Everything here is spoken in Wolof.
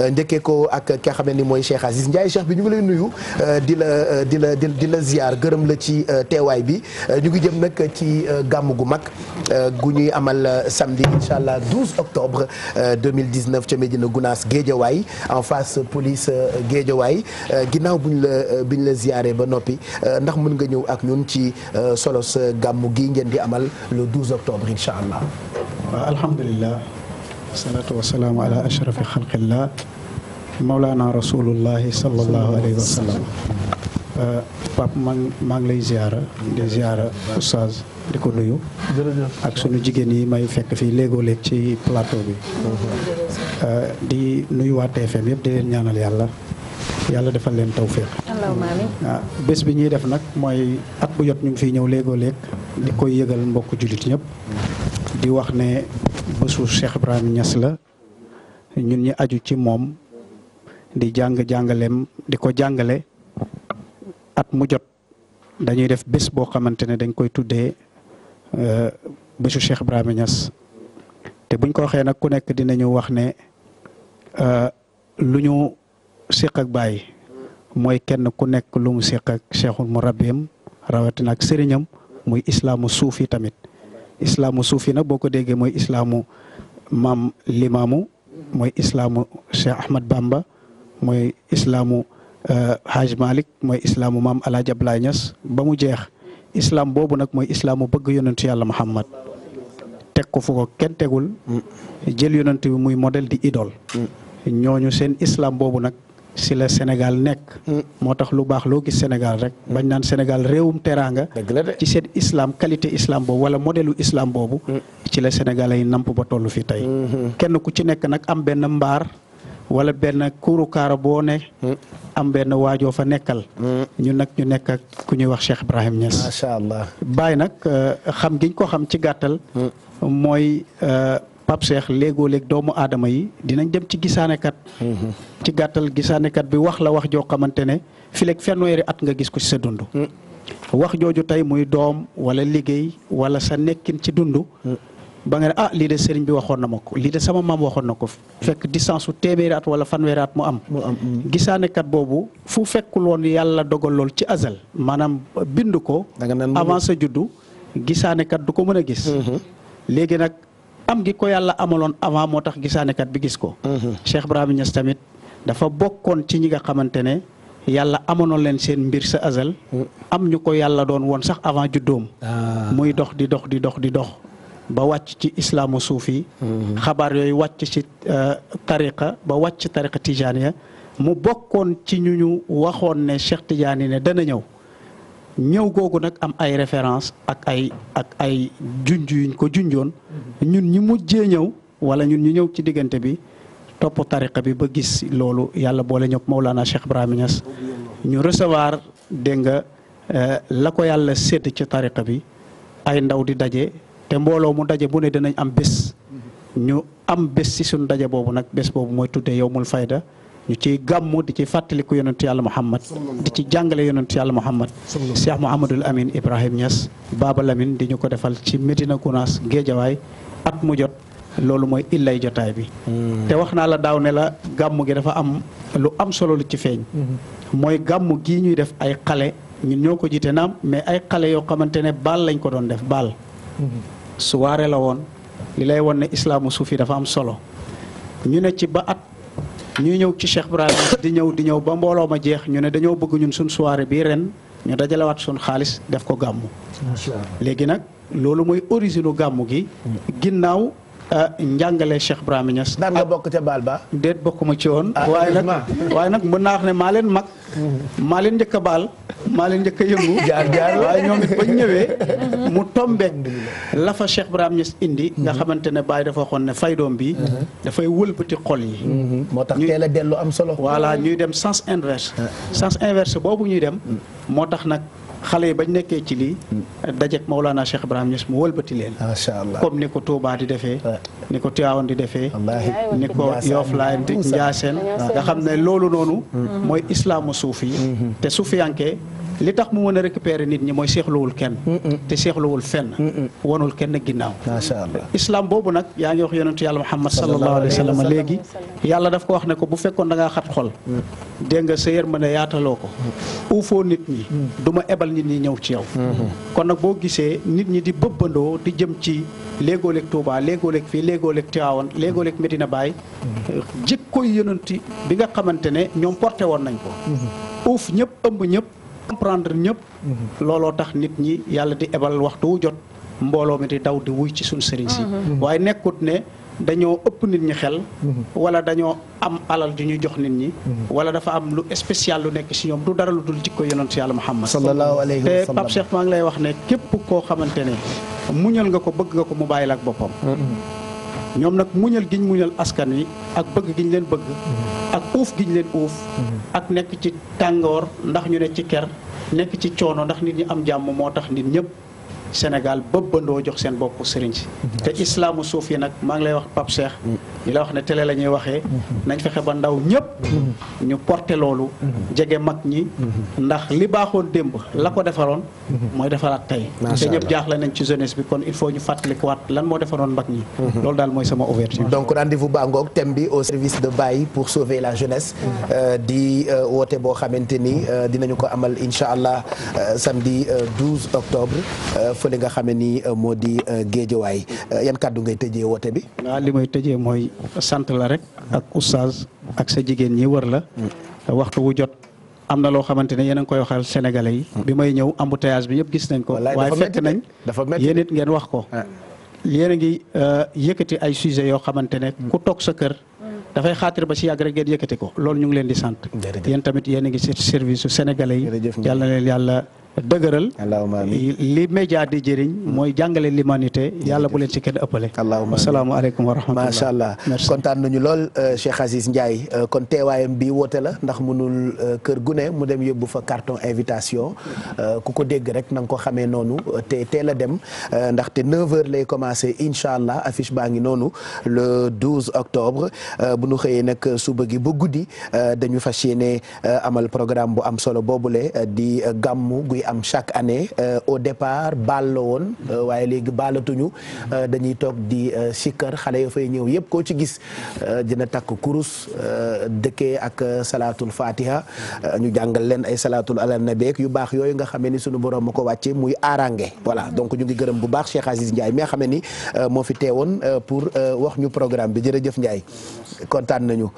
Euh, njëkkee ko ak ki nga ni mooy Cheikh Aziz Ndiaye Cheikh bi ñu ngi lay nuyu euh, euh, di la di la di la ziar gërëm la ci teewaay bi ñu ngi jëm nag ci gàmm gu mag gu ñuy amal samdi incha allah 12 octobre 2019 ca Médina Gounass Géejawaay en face police Géejawaay ginnaaw bu ñu la bu la ziaree ba noppi ndax mën nga ñëw ak ñun ci solos gàmm gi ngeen di amal le octobre incha allah. alhamdulilah. wasalaatu wasalaamu ala ashrafi xalqillah maulana rasulullahi salallahu alayhi wa sallam uh, ngi lay ziara di ziara oustaz di ko nuyu ak sunu jigéen yi may fekk fii léegoo ci plateau bi uh, di nuyu waa TFM yëpp di leen ñaanal yàlla yàlla defal leen tawféex waaw uh, bés bi ñuy def nag mooy at bu jot ñu ngi fiy ñëw léegoo léeg di koy yëgal mbokk jullit ñëpp di wax ne bésu Cheikh Ibrahima ñas la ñu ñi aju ci moom di jàng jàngaleem di ko jàngale at mu jot dañuy def bés boo xamante ne dañ koy tuddee euh, bésu Cheikh Ibrahima Niass te buñ ko waxee nag ku nekk dina dinañu wax ne euh, lu ñu siq ak bàyyi mooy kenn ku nekk lu mu siq ak cheikhul mu rabbiam rawatina sëriñam muy islaamu suufi tamit islaamu suufi nag boo ko déggee mooy islaamu maam limaamu mooy islaamu Cheikh Ahmad Bamba mooy islaamu eh, Haaj Malik mooy islaamu maam El Hadj Abdoulaye ba mu jeex islaam boobu nag mooy islaamu bëgg yonentu yàlla Muhammad teg ko fu ko kenn tegul mm. jël yonent muy modèle di idole mm. ñooñu seen islam boobu nag. si la Sénégal nekk. Hmm. moo tax lu baax loo gis Sénégal rek. Hmm. bañ naan Sénégal réewum teraanga. ci seen islam qualité islam boobu wala modèlu islam boobu. Hmm. ci la Sénégal ay namp ba toll fii tey. kenn ku ci nekk nag am benn mbaar. wala benn kurukaar boo ne. am benn waajoo fa nekkal. ñun nag ñu nekk ak ku ñuy wax Cheikh Ibrahim Niass. macha allah Baye nag euh, xam giñ ko xam ci gàttal. mooy euh, Pape Cheikh léegoo léeg doomu aadama yi dinañ dem ci gisaanekat. ci gàttal gisaanekat bi wax la wax joo xamante ne fileeg fanweeri at nga gis ko ci sa dund. Mm. wax jooju tey muy doom wala liggéey wala sa nekkin ci dund. Mm. ba nga ne ah lii de sëriñ bi waxoon na ma ko lii de sama maam waxoon na ko fekk distance su téeméeri at wala fanweeri at mu am. mu am mm. gisaanekat boobu fu fekkul woon yàlla dogal lool ci azal maanaam bind ko. avant sa juddu gisaanekat du ko mën a gis. Mm-hmm. léegi nag am gi ko yàlla amaloon avant moo tax gisaanekat bi gis ko. Mm-hmm. Cheikh dafa bokkoon ci ñi nga xamante ne yàlla amoonoon leen seen mbir sa azal am ñu ko yàlla doon woon sax avant juddoom ah. muy dox di dox di dox di dox ba wàcc ci islaamu suufi mm-hmm. xabaar yooyu wàcc ci euh, tariqa ba wàcc tariqa tijaaniya mu bokkoon ci ñu ñu waxoon ne Cheikh Tidiane ne dana ñëw ñëw googu nag am ay référence ak ay ak ay junj yuñ ko junjoon mm-hmm. ñun ñu mujjee ñëw wala ñun ñu ñëw ci diggante bi topp tariqa bi ba gis loolu yàlla boole ñoog Maulana Cheikh Ibrahima Niass ñu recevoir dégg nga euh, la ko yàlla sédd ci tariqa bi ay ndaw di daje te mbooloo mu daje bu ne dinañ am bés. ñu am bés si suñu daje boobu nag bés boobu mooy tuddee mul fayda ñu ciy gàmmu di ci fàttaliku yonentu yàlla Muhammad di ci jàngale yonentu yàlla Muhammad Cheikh Mouhamadul Amin Ibrahim Niass baaba lamin di ñu ko defal ci Medina Gounass Géejawaay at mu jot. loolu mooy illay jotaay bi. Hmm. te wax naa la daaw ne la gàmm gi dafa am lu am solo lu ci feeñ. Hmm. mooy gàmm gii ñuy def ay xale ñun ñoo ko jiite naam mais ay xale yoo xamante ne baal lañ ko doon def baal. Hmm. suwaare la woon li lay won ne islaamu suufi dafa am solo ñu ne ci ba at ñuy ñëw ci Cheikh Ibrahim di ñëw di ñëw ba mbooloo ma jeex ñu ne dañoo bëgg ñun suñ soirée bii ren ñu dajalewaat suñ xaalis def ko gàmmu. léegi nag loolu mooy origine gàmmu gi. ginnaaw Euh, njàngale Cheikh Ibrahima Niass. daan nga ah. bokk ca baal ba. déet bokkuma ci woon. Ah, waaye nag waaye nag mën naa ne maa leen mag. maa leen njëkk a baal. maa leen njëkk yëngu. jaar jaar waaye ñoom it ba ñëwee. mu tombeek lafa fa Cheikh Ibrahima Niass indi. Mhm. nga xamante ne Baye dafa waxoon ne faydoom bi. Mhm. dafay wëlbati xol yi. Mhm. moo tax teel a dellu am solo. voilà ñuy dem sens inverse. Ah. sens inverse boobu ñuy dem. Mm. moo tax nag. xale yi bañ nekkee ci lii dajeek Maulana Cheikh Ibrahima Niass mu wëlbati leen macha allah comme ni ko Touba di defee ni ko Tivaouane di defee ni ko Yoff Layeen di Ndiassane nga xam ne loolu noonu mm-hmm. mooy islaamu suufi mm-hmm. te suufiyanke li tax mu mën a récupérer nit ñi mooy seexluwul kenn te seexluwul fenn wanul kenn ginnaaw macha allah islam boobu nag yaa ngi wax yonentu yàlla muhammad sallallahu alayhi wa sallam léegi yàlla daf ko wax ne ko bu fekkoon da ngaa xat xol mm. dégg nga ma ne yaataloo ko mm. uufoo nit ñi mm. duma ma ebal nit ñi ñëw ci yow mm-hmm. kon nag boo gisee nit ñi di bëbbandoo di jëm ci léegooleeg Touba léegooleeg fii léegooleeg Tiwaawan léegooleeg Medina Baye mm-hmm. jikkoy ti bi nga xamante ne ñoom porté woon nañ ko mm-hmm. uuf ñëpp ëmb ñëpp comprendre ñëpp. Mhm. looloo tax nit ñi yàlla di ebal waxtu jot mbooloo mi di daw di wuy ci suñ sëriñ si. Mhm. waaye nekkut ne dañoo ëpp nit ñi xel. Mhm. wala dañoo am alal ju ñu jox nit ñi. wala dafa am lu spécial lu nekk si ñoom du dara lu dul jikko yonent yàlla Muhammad. sallallahu alayhi wa eh, sallam te Pape maa ngi lay wax ne képp koo xamante ne muñal nga ko bëgg nga ko mu bàyyil ak boppam. ñoom nag muñal giñ muñal askan wi ak bëgg giñ leen bëgg ak uuf giñ leen uuf ak nekk ci tàngoor ndax ñu ne ci ker nekk ci coono ndax nit ñi am jàmm moo tax nit ñëpp Sénégal bëbbandoo jox seen bopp sëriñ si mm-hmm. te islaamu suuf yi nag maa ngi lay wax Pape Cheikh ñu mm-hmm. la wax ne télé la ñuy waxee mm-hmm. nañ fexe ba ndaw ñëpp ñu porte loolu jege mag ñi ndax li baaxoon démb la ko defaroon mooy defaraat tey te ñëpp jaaxle nañ ci jeunesse bi kon il faut ñu fàttalikuwaat lan moo defaroon mag ñi lool daal mooy sama ouverture donc rendez-vous baa ngoog thème bi au service de baay pour sauver la jeunesse euh, di euh, woote boo xamante ni euh, dinañu ko amal incha allah samedi 12 octobre fële nga xame euh, moo di euh, géejawaay euh, yan kàddu ngay tëjee woote bi waaw li may tëjee mooy sant la rek ak oustaz ak sa jigéen ñi wër la mm. waxtu wu jot am na loo xamante ne yéen a koy waxal sénégalais yi mm. bi may ñëw embouteillage bi yëpp gis nañ ko waaye fekk nañ yéen it ngeen wax ko ah. yéen a ngi yëkkati ay sujet yoo xamante ne ku toog sa kër mm. dafay xaatir ba si yàgg rek ngeen yëkkati ko loolu ñu leen di sant yéen tamit yéen a ngi service su yi yàlla leen yàlla dëgëral li média di jëriñ mooy jàngale l'humanité yàlla bu leen ci kenn ëppale allahuma asalaamu macha allah kontaan nañu lool euh, Cheikh Ndiaye euh, kon teewaayam bi woote la ndax mënul euh, kër gu ne mu dem yóbbu fa carton invitation ku ko dégg rek na nga ko xamee noonu te teel a dem ndaxte 9h lay commencé incha allah affiche baa ngi noonu le 12 octobre bu ñu xëyee nag suba gi ba guddi dañu fas yéene amal programme bu am solo boobule di gàmmu day am chaque année euh, au départ baal la woon euh, waaye léegi baalatuñu euh, dañuy toog di sikkar xale yoo fay ñëw yëpp koo ci gis dina takk kurus dëkke ak salaatul fatiha ñu jàngal leen ay salaatul alan nabeek yu baax yooyu nga xamee ni suñu borom ma ko wàccee muy arange voilà donc ñu ngi gërëm bu baax Cheikh Aziz Ndiaye mi nga xamee ni moo fi teewoon pour wax ñu programme bi jërëjëf Ndiaye kontaan nañu